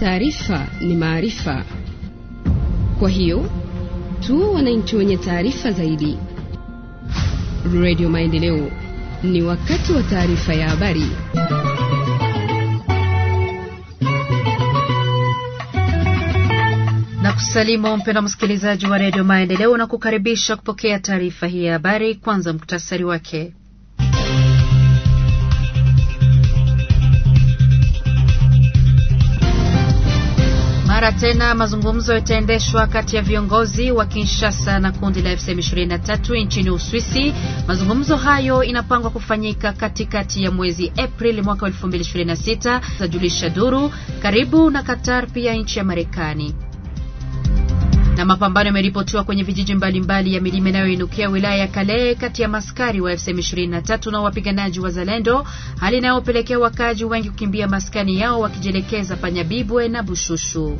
Taarifa ni maarifa, kwa hiyo tu wananchi wenye taarifa zaidi. Radio Maendeleo, ni wakati wa taarifa ya habari. Nakusalimu mpendwa msikilizaji wa redio Maendeleo na kukaribisha kupokea taarifa hii ya habari. Kwanza muktasari wake. mara tena mazungumzo yataendeshwa kati ya viongozi wa Kinshasa na kundi la M23 nchini Uswisi. Mazungumzo hayo inapangwa kufanyika katikati ya mwezi Aprili mwaka 2026, zajulisha duru. Karibu na Qatar, pia nchi ya Marekani. Na mapambano yameripotiwa kwenye vijiji mbalimbali ya milima inayoinukia wilaya ya Kale kati ya maskari wa M23 na wapiganaji wa Zalendo, hali inayopelekea wakaaji wengi kukimbia maskani yao wakijielekeza Panyabibwe na Bushushu.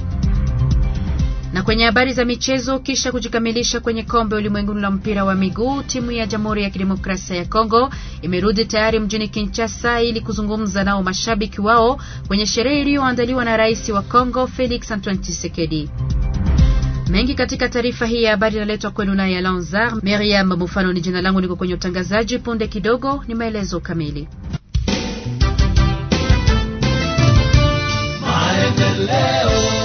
Na kwenye habari za michezo, kisha kujikamilisha kwenye kombe ulimwenguni la mpira wa miguu, timu ya Jamhuri ya Kidemokrasia ya Kongo imerudi tayari mjini Kinshasa ili kuzungumza nao mashabiki wao kwenye sherehe iliyoandaliwa na rais wa Kongo Felix Antoine Tshisekedi mengi katika taarifa hii ya habari inaletwa kwenu naye Lanzar Meriam Mufano. Ni jina langu, niko kwenye utangazaji. Punde kidogo ni maelezo kamili. Maendeleo.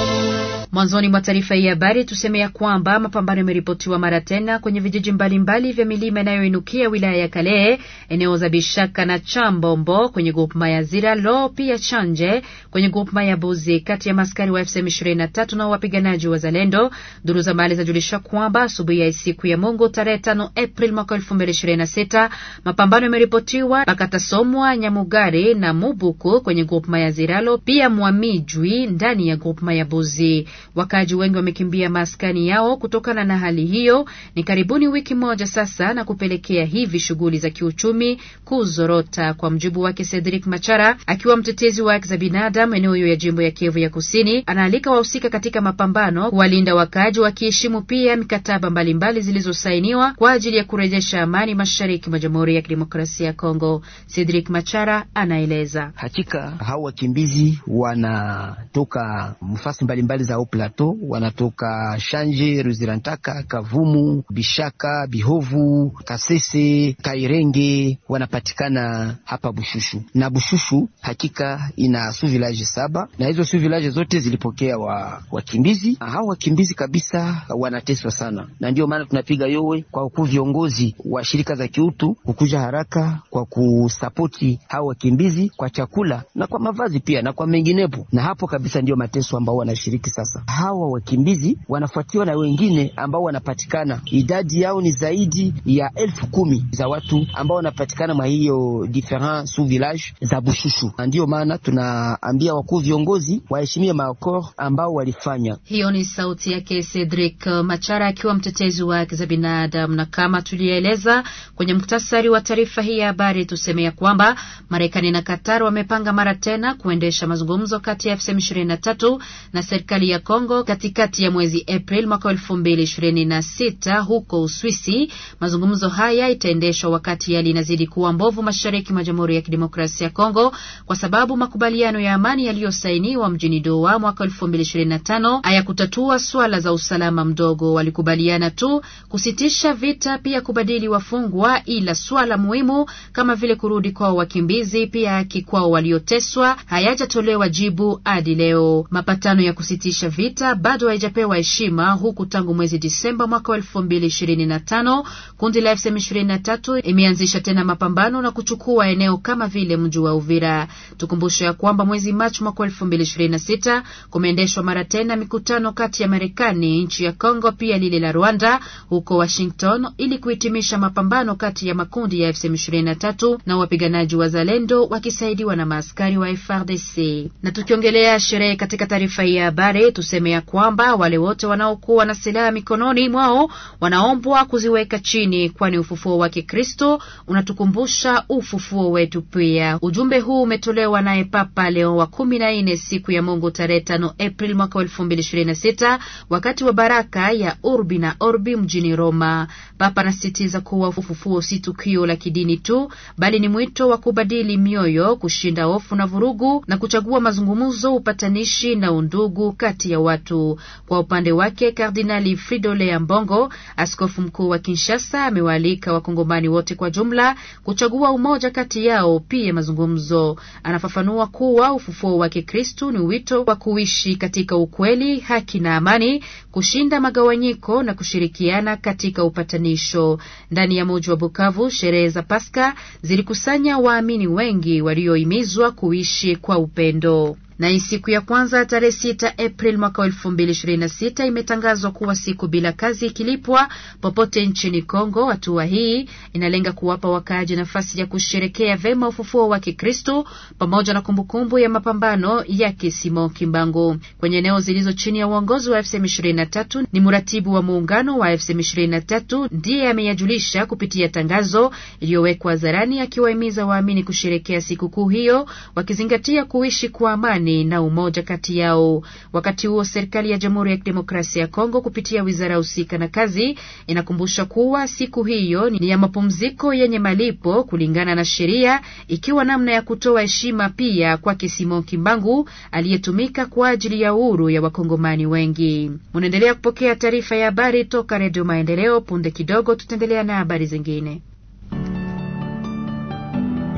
Mwanzoni mwa taarifa hii habari tuseme ya kwamba mapambano yameripotiwa mara tena kwenye vijiji mbalimbali vya milima inayoinukia wilaya ya Kalehe, eneo za Bishaka na Chambombo kwenye grupma ya Zira lo pia Chanje kwenye grupma ya Buzi, kati ya maskari wa FCM 23 na wapiganaji wa Zalendo. Duru za mali zajulisha kwamba asubuhi ya siku ya Mungu tarehe 5 Aprili mwaka 2026 mapambano yameripotiwa Bakatasomwa, Nyamugari na Mubuku kwenye grupma ya Ziralo, pia Mwamijwi ndani ya grupma ya Buzi. Wakaaji wengi wamekimbia maskani yao kutokana na hali hiyo, ni karibuni wiki moja sasa, na kupelekea hivi shughuli za kiuchumi kuzorota. Kwa mjibu wake Cedric Machara, akiwa mtetezi wa haki za binadamu eneo hiyo ya jimbo ya Kivu ya Kusini, anaalika wahusika katika mapambano kuwalinda wakaaji, wakiheshimu pia mikataba mbalimbali zilizosainiwa kwa ajili ya kurejesha amani mashariki mwa Jamhuri ya Kidemokrasia ya Kongo. Cedric Machara anaeleza, hakika hao wakimbizi wanatoka mfasi mbalimbali za Plateau, wanatoka Shanje, Ruzirantaka, Kavumu, Bishaka, Bihovu, Kasese, Kairenge, wanapatikana hapa Bushushu. Na Bushushu hakika ina su village saba, na hizo su village zote zilipokea wa wakimbizi. Hao wakimbizi kabisa wanateswa sana, na ndio maana tunapiga yowe kwa ukuu viongozi wa shirika za kiutu kukuja haraka kwa kusapoti hao wakimbizi kwa chakula na kwa mavazi pia na kwa menginepo, na hapo kabisa ndio mateso ambao wanashiriki sasa hawa wakimbizi wanafuatiwa na wengine ambao wanapatikana, idadi yao ni zaidi ya elfu kumi za watu ambao wanapatikana mwa hiyo different sous village za Bushushu. Ndiyo maana tunaambia wakuu viongozi waheshimie maakor ambao walifanya. Hiyo ni sauti yake Cedric Machara akiwa mtetezi wa haki za binadamu, na kama tulieleza kwenye muktasari wa taarifa hii ya habari, tuseme ya kwamba Marekani na Qatar wamepanga mara tena kuendesha mazungumzo kati ya FSM 23 na serikali ya Kongo katikati ya mwezi Aprili mwaka 2026 huko Uswisi. Mazungumzo haya itaendeshwa wakati hali inazidi kuwa mbovu mashariki mwa Jamhuri ya Kidemokrasia ya Kongo kwa sababu makubaliano ya amani yaliyosainiwa mjini Doha mwaka 2025 hayakutatua swala za usalama mdogo. Walikubaliana tu kusitisha vita, pia kubadili wafungwa, ila swala muhimu kama vile kurudi kwao wakimbizi, pia haki kwao walioteswa hayajatolewa jibu hadi leo. Mapatano ya kusitisha vita iliyopita bado haijapewa heshima, huku tangu mwezi Disemba mwaka wa elfu mbili ishirini na tano kundi la FSM ishirini na tatu imeanzisha tena mapambano na kuchukua eneo kama vile mji wa Uvira. Tukumbusho ya kwamba mwezi Machi mwaka wa elfu mbili ishirini na sita kumeendeshwa mara tena mikutano kati ya Marekani, nchi ya Congo pia lile la Rwanda huko Washington ili kuhitimisha mapambano kati ya makundi ya FSM ishirini na tatu na wapiganaji wa Zalendo wakisaidiwa na maaskari wa FRDC. Na tukiongelea sherehe katika taarifa hii ya habari kutusemea kwamba wale wote wanaokuwa na silaha mikononi mwao wanaombwa kuziweka chini, kwani ufufuo wa Kikristo unatukumbusha ufufuo wetu pia. Ujumbe huu umetolewa naye Papa Leo wa kumi na nne siku ya Mungu tarehe tano Aprili mwaka elfu mbili ishirini na sita wakati wa baraka ya Urbi na Orbi mjini Roma. Papa anasisitiza kuwa ufufuo si tukio la kidini tu, bali ni mwito wa kubadili mioyo, kushinda hofu na vurugu na kuchagua mazungumzo, upatanishi na undugu kati ya ya watu. Kwa upande wake, Kardinali fridole Ambongo, askofu mkuu wa Kinshasa, amewaalika wakongomani wote kwa jumla kuchagua umoja kati yao, pia mazungumzo. Anafafanua kuwa ufufuo wa Kikristu ni wito wa kuishi katika ukweli, haki na amani, kushinda magawanyiko na kushirikiana katika upatanisho. Ndani ya muji wa Bukavu, sherehe za Paska zilikusanya waamini wengi waliohimizwa kuishi kwa upendo. Na siku ya kwanza tarehe sita Aprili mwaka sita imetangazwa kuwa siku bila kazi ikilipwa popote nchini Kongo. Hatua hii inalenga kuwapa wakaaji nafasi ya kusherekea vema ufufuo wa Kikristo pamoja na kumbukumbu ya mapambano ya Kisimo Kimbangu kwenye eneo zilizo chini ya uongozi wa M23. Ni mratibu wa muungano wa M23 ndiye ameyajulisha kupitia tangazo iliyowekwa hadharani, akiwahimiza waamini kusherekea sikukuu hiyo wakizingatia kuishi kwa amani amani na umoja kati yao. Wakati huo, serikali ya Jamhuri ya Kidemokrasia ya Kongo kupitia wizara husika na kazi inakumbusha kuwa siku hiyo ni ya mapumziko yenye malipo kulingana na sheria, ikiwa namna ya kutoa heshima pia kwake Simon Kimbangu aliyetumika kwa ajili ya uhuru ya wakongomani wengi. Munaendelea kupokea taarifa ya habari toka Redio Maendeleo. Punde kidogo tutaendelea na habari zingine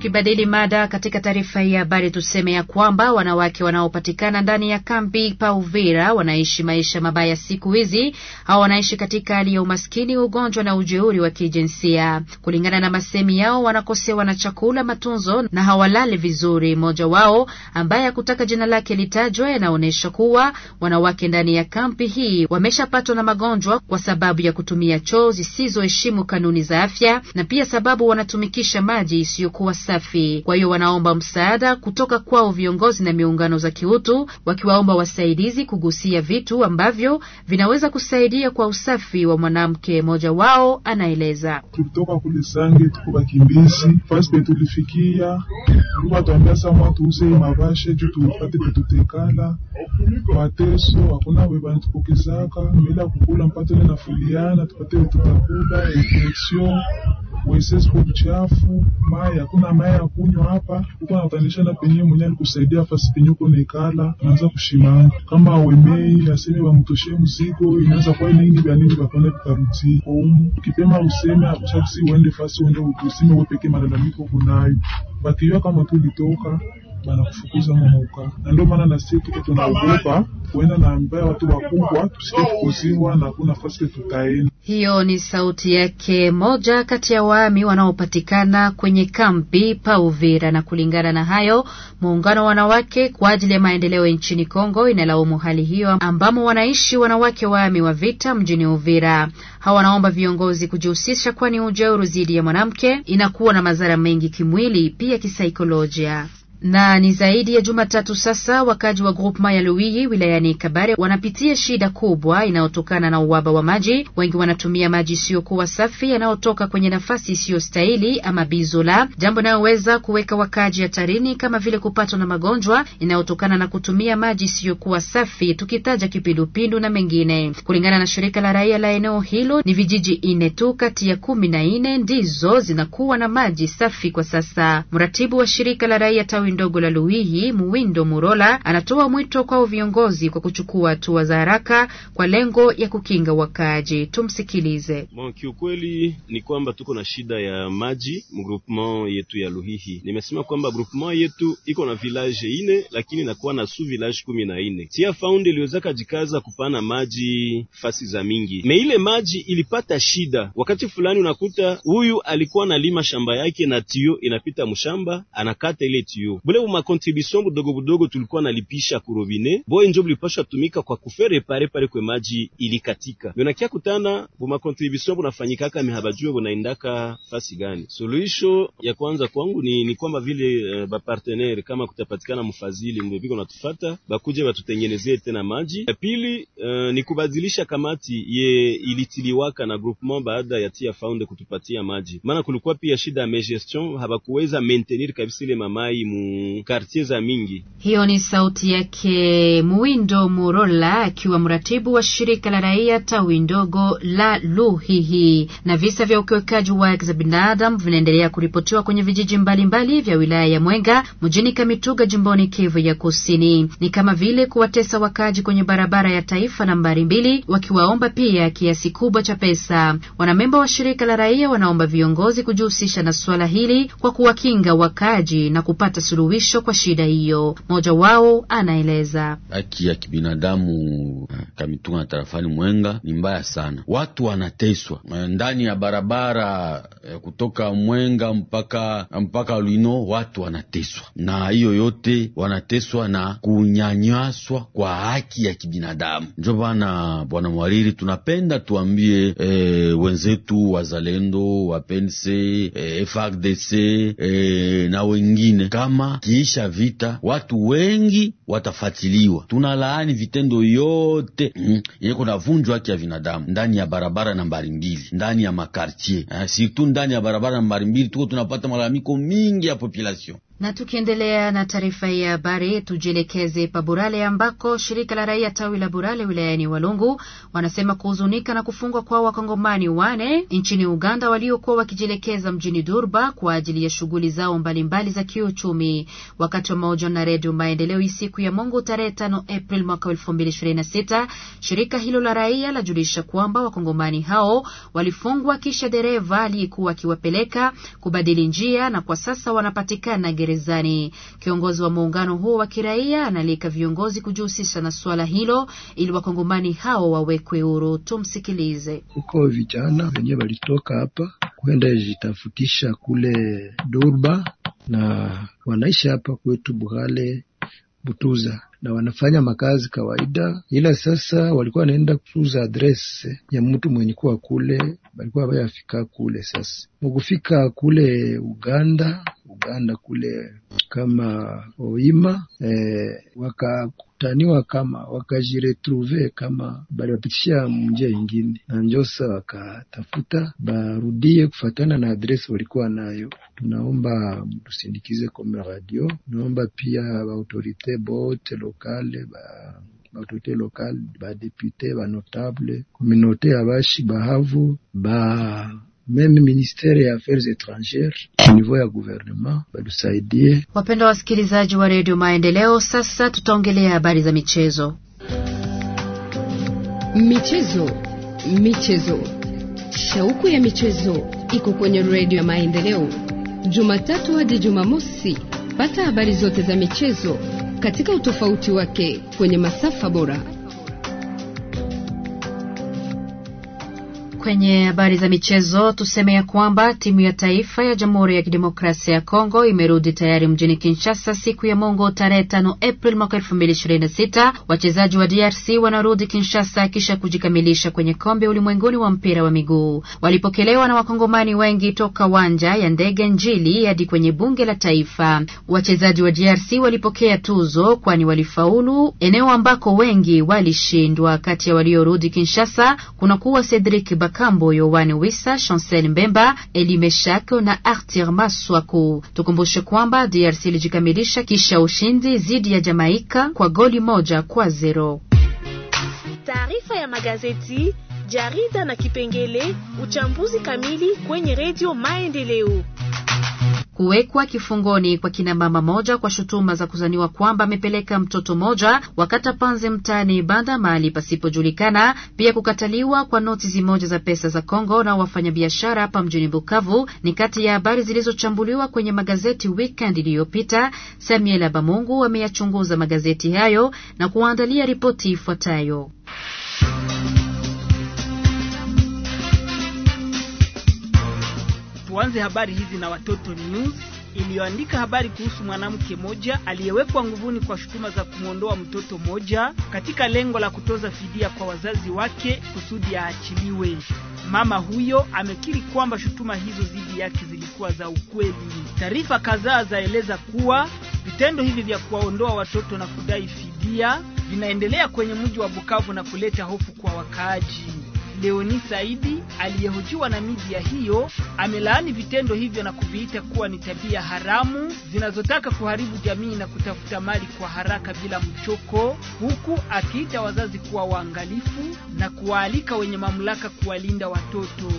Tukibadili mada katika taarifa hii ya habari, tuseme ya kwamba wanawake wanaopatikana ndani ya kambi Pauvira wanaishi maisha mabaya siku hizi, au wanaishi katika hali ya umaskini, ugonjwa na ujeuri wa kijinsia. Kulingana na masemi yao, wanakosewa na chakula, matunzo na hawalali vizuri. Mmoja wao ambaye hakutaka jina lake litajwe, anaonyesha kuwa wanawake ndani ya kambi hii wameshapatwa na magonjwa kwa sababu ya kutumia choo zisizoheshimu kanuni za afya na pia sababu wanatumikisha maji isiyokuwa safi. Kwa hiyo wanaomba msaada kutoka kwao viongozi na miungano za kiutu, wakiwaomba wasaidizi kugusia vitu ambavyo vinaweza kusaidia kwa usafi wa mwanamke. Mmoja wao anaeleza: tukitoka kulisange tuko bakimbizi fasi petulifikia uvatwambiasamwa tuuze mavashe juu tupate petutekala mateso hakuna webani mila kukula mpatele na fuliana tupate wetutakula infeksio kwa uchafu maya hakuna anayakunywa hapa kuba apandishana penye mwenye alikusaidia fasi penye uko naikala naanza kushimanga kama awemei aseme wamtoshee mzigo inaweza kwa nini vya nini vakonda vikaruti oumu ukipema useme akushakusi uende fasi uende usime uwepeke malalamiko kunayo nayo kama tulitoka banakufukuza muhuka, na ndio maana na sisi tuko tunaogopa kuenda na ambaye watu wakubwa tusikie kuzingwa na kuna nafasi tutaenda. Hiyo ni sauti yake moja kati ya waami wanaopatikana kwenye kambi pa Uvira. Na kulingana na hayo, muungano wa wanawake kwa ajili ya maendeleo nchini Kongo inalaumu hali hiyo ambamo wanaishi wanawake waami wa vita mjini Uvira. Hawa wanaomba viongozi kujihusisha, kwani ujeuri dhidi ya mwanamke inakuwa na madhara mengi kimwili, pia kisaikolojia. Na ni zaidi ya Jumatatu sasa wakaji wa grup ya Luihi wilayani Kabare wanapitia shida kubwa inayotokana na uhaba wa maji. Wengi wanatumia maji isiyokuwa safi yanayotoka kwenye nafasi isiyostahili ama bizola, jambo inayoweza kuweka wakaji hatarini kama vile kupatwa na magonjwa inayotokana na kutumia maji isiyokuwa safi, tukitaja kipindupindu na mengine. Kulingana na shirika la raia la eneo hilo, ni vijiji nne tu kati ya kumi na nne ndizo zinakuwa na maji safi kwa sasa. Mratibu wa shirika la raia tawi tawi ndogo la Luihi, Muwindo Murola anatoa mwito kwa viongozi kwa kuchukua hatua za haraka kwa lengo ya kukinga wakaaji. Tumsikilize. kiukweli ni kwamba tuko na shida ya maji mgroupement yetu ya Luhihi. Nimesema kwamba groupement yetu iko na village ine, lakini inakuwa na su village kumi na ine. Tia found iliwezaka jikaza kupana maji fasi za mingi me, ile maji ilipata shida wakati fulani. Unakuta huyu alikuwa analima shamba yake na tio inapita mshamba, anakata ile tio, bule bumakontribution budogo budogo tulikuwa nalipisha kurobine boye njo bulipasha tumika kwa kufere pare pare kwe maji ilikatika. Menakia kutana bumakontribution bunafanyikaka mehabajue bunaendaka fasi gani. Suluhisho ya kwanza kwangu ni, ni kwamba vile uh, eh, bapartenere kama kutapatikana mfadhili mbebiko natufata bakuje batutengenezee tena maji. Ya pili uh, ni kubadilisha kamati ye ilitiliwaka na groupement baada ya tia faunde kutupatia maji, maana kulikuwa pia shida ya gestion habakuweza maintenir kabisa ile mamai mu mukartie za mingi. Hiyo ni sauti yake Muwindo Murola akiwa mratibu wa shirika la raia tawi ndogo la Luhihi. Na visa vya ukiwekaji wa haki za binadamu vinaendelea kuripotiwa kwenye vijiji mbalimbali mbali vya wilaya ya Mwenga mjini Kamituga jimboni Kivu ya Kusini, ni kama vile kuwatesa wakaji kwenye barabara ya taifa nambari mbili, wakiwaomba pia kiasi kubwa cha pesa. Wanamemba wa shirika la raia wanaomba viongozi kujihusisha na suala hili kwa kuwakinga wakaji na kupata suluhu suluhisho kwa shida hiyo. Mmoja wao anaeleza haki ya kibinadamu uh, kamitunga na tarafani Mwenga ni mbaya sana, watu wanateswa uh, ndani ya barabara uh, kutoka Mwenga mpaka mpaka Lwino, watu wanateswa na hiyo yote, wanateswa na kunyanyaswa kwa haki ya kibinadamu. Njo bana bwana Mwariri, tunapenda tuambie e, wenzetu wazalendo wapense e, FARDC e, na wengine kama kama kiisha vita watu wengi watafatiliwa. Tunalaani vitendo yote mm, yeko na vunjwa haki ya binadamu ndani ya barabara nambari mbili ndani ya makartier, eh, surtout ndani ya barabara nambari mbili tuko tunapata malalamiko mingi ya population. Na tukiendelea na taarifa hii ya habari, tujielekeze pa Burale ambako shirika la raia tawi la Burale wilayani Walungu wanasema kuhuzunika na kufungwa kwa wakongomani wane nchini Uganda waliokuwa wakijielekeza mjini Durba kwa ajili ya shughuli zao mbalimbali za kiuchumi. Wakati wa mahojiano na Redio Maendeleo hii siku ya Mungu tarehe 5 Aprili mwaka 2026, shirika hilo la raia lajulisha kwamba wakongomani hao walifungwa kisha dereva aliyekuwa akiwapeleka kubadili njia na kwa sasa wanapatikana gerezani. Kiongozi wa muungano huo wa kiraia analika viongozi kujihusisha na suala hilo ili wakongomani hao wawekwe huru. Tumsikilize. Huko vijana wenyewe walitoka hapa kwenda jitafutisha kule Durba na wanaishi hapa kwetu Buhale Butuza na wanafanya makazi kawaida, ila sasa walikuwa wanaenda kuuza adres ya mtu mwenye kuwa kule, walikuwa wayafika kule. Sasa mukufika kule Uganda Uganda kule kama Oima eh, wakakutaniwa kama wakajiretruve kama baliwapitisha munjia ingine, na njosa wakatafuta barudie kufatana na adresi walikuwa nayo. Tunaomba mtusindikize kome radio, tunaomba pia baautorite bote lokale ba baautorite lokale badepute banotable kominote abashi bahavu ba Meme ministeri ya affaires etrangere ku eh. ya gouvernement badusaidie. Wapendwa wasikilizaji wa redio Maendeleo, sasa tutaongelea habari za michezo. Michezo, michezo, shauku ya michezo iko kwenye redio ya Maendeleo, Jumatatu hadi Jumamosi. Pata habari zote za michezo katika utofauti wake kwenye masafa bora Kwenye habari za michezo tuseme ya kwamba timu ya taifa ya Jamhuri ya Kidemokrasia ya Kongo imerudi tayari mjini Kinshasa siku ya Mungu tarehe 5 april mwaka sita Wachezaji wa DRC wanarudi Kinshasa kisha kujikamilisha kwenye kombe ulimwenguni wa mpira wa miguu. Walipokelewa na wakongomani wengi toka wanja ya ndege Njili hadi kwenye bunge la taifa. Wachezaji wa DRC walipokea tuzo kwani walifaulu eneo ambako wengi walishindwa. Kati ya waliorudi Kinshasa kuna kuwa Cedric Baka makambo Wani Wisa, Chancel Mbemba, Elimeshako na Artir Maswako. Tukumbushe kwamba DRC ilijikamilisha kisha ushindi dhidi ya Jamaika kwa goli moja kwa zero. Taarifa ya magazeti, jarida na kipengele uchambuzi kamili kwenye redio Maendeleo kuwekwa kifungoni kwa kina mama moja kwa shutuma za kuzaniwa kwamba amepeleka mtoto moja wakata panze mtaani mali mahali pasipojulikana, pia kukataliwa kwa noti zimoja za pesa za Kongo na wafanyabiashara hapa mjini Bukavu ni kati ya habari zilizochambuliwa kwenye magazeti weekend iliyopita. Samuel Abamungu ameyachunguza magazeti hayo na kuandalia ripoti ifuatayo. Tuanze habari hizi na Watoto News iliyoandika habari kuhusu mwanamke moja aliyewekwa nguvuni kwa shutuma za kumwondoa mtoto moja katika lengo la kutoza fidia kwa wazazi wake kusudi aachiliwe. Mama huyo amekiri kwamba shutuma hizo dhidi yake zilikuwa za ukweli. Taarifa kadhaa zaeleza kuwa vitendo hivi vya kuwaondoa watoto na kudai fidia vinaendelea kwenye mji wa Bukavu na kuleta hofu kwa wakaaji. Leoni Saidi aliyehojiwa na media hiyo amelaani vitendo hivyo na kuviita kuwa ni tabia haramu zinazotaka kuharibu jamii na kutafuta mali kwa haraka bila mchoko, huku akiita wazazi kuwa waangalifu na kuwaalika wenye mamlaka kuwalinda watoto.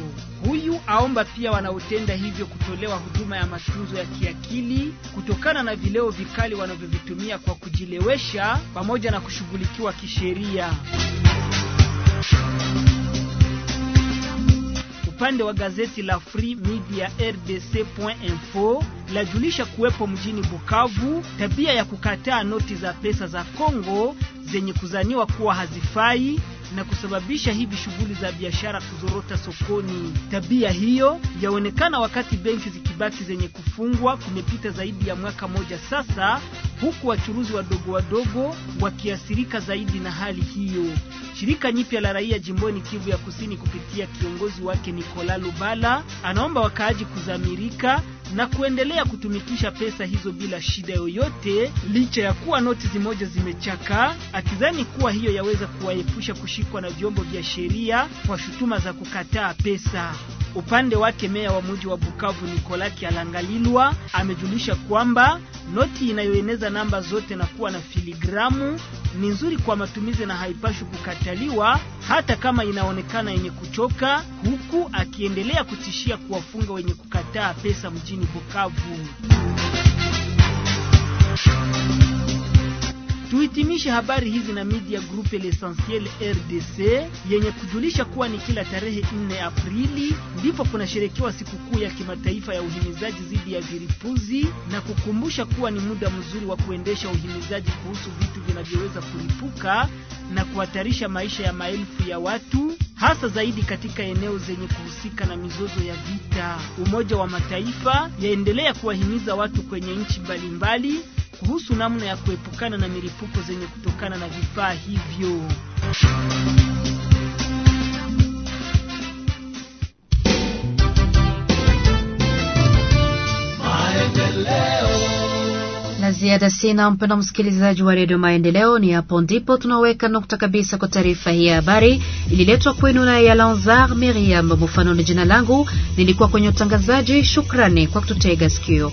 Huyu aomba pia wanaotenda hivyo kutolewa huduma ya matunzo ya kiakili kutokana na vileo vikali wanavyovitumia kwa kujilewesha pamoja na kushughulikiwa kisheria. upande wa gazeti la Free Media RDC.info lajulisha kuwepo mjini Bukavu tabia ya kukataa noti za pesa za Kongo zenye kuzaniwa kuwa hazifai na kusababisha hivi shughuli za biashara kuzorota sokoni. Tabia hiyo yaonekana wakati benki zikibaki zenye kufungwa. Kumepita zaidi ya mwaka moja sasa huku wachuruzi wadogo wadogo wakiathirika zaidi na hali hiyo. Shirika nyipya la raia jimboni Kivu ya Kusini kupitia kiongozi wake Nikola Lubala anaomba wakaaji kuzamirika na kuendelea kutumikisha pesa hizo bila shida yoyote, licha ya kuwa noti zimoja zimechakaa, akidhani kuwa hiyo yaweza kuwaepusha kushikwa na vyombo vya sheria kwa shutuma za kukataa pesa. Upande wake meya wa mji wa Bukavu nikolaki Kialangalilwa amejulisha kwamba noti inayoeneza namba zote na kuwa na filigramu ni nzuri kwa matumizi na haipashwi kukataliwa hata kama inaonekana yenye kuchoka, huku akiendelea kutishia kuwafunga wenye kukataa pesa mjini Bukavu. Tuhitimishe habari hizi na media groupe L'Essentiel RDC yenye kujulisha kuwa ni kila tarehe 4 Aprili ndipo kunasherekewa sikukuu ya kimataifa ya uhimizaji dhidi ya viripuzi na kukumbusha kuwa ni muda mzuri wa kuendesha uhimizaji kuhusu vitu vinavyoweza kulipuka na kuhatarisha maisha ya maelfu ya watu hasa zaidi katika eneo zenye kuhusika na mizozo ya vita. Umoja wa Mataifa yaendelea kuwahimiza watu kwenye nchi mbalimbali kuhusu namna ya kuepukana na milipuko zenye kutokana na vifaa hivyo. na ziada sina, mpendo msikilizaji wa redio Maendeleo. Ni hapo ndipo tunaweka nukta kabisa kwa taarifa hii ya habari ililetwa kwenu na Yalanzar Miriam Mfano Ni jina langu, nilikuwa kwenye utangazaji. Shukrani kwa kututega sikio.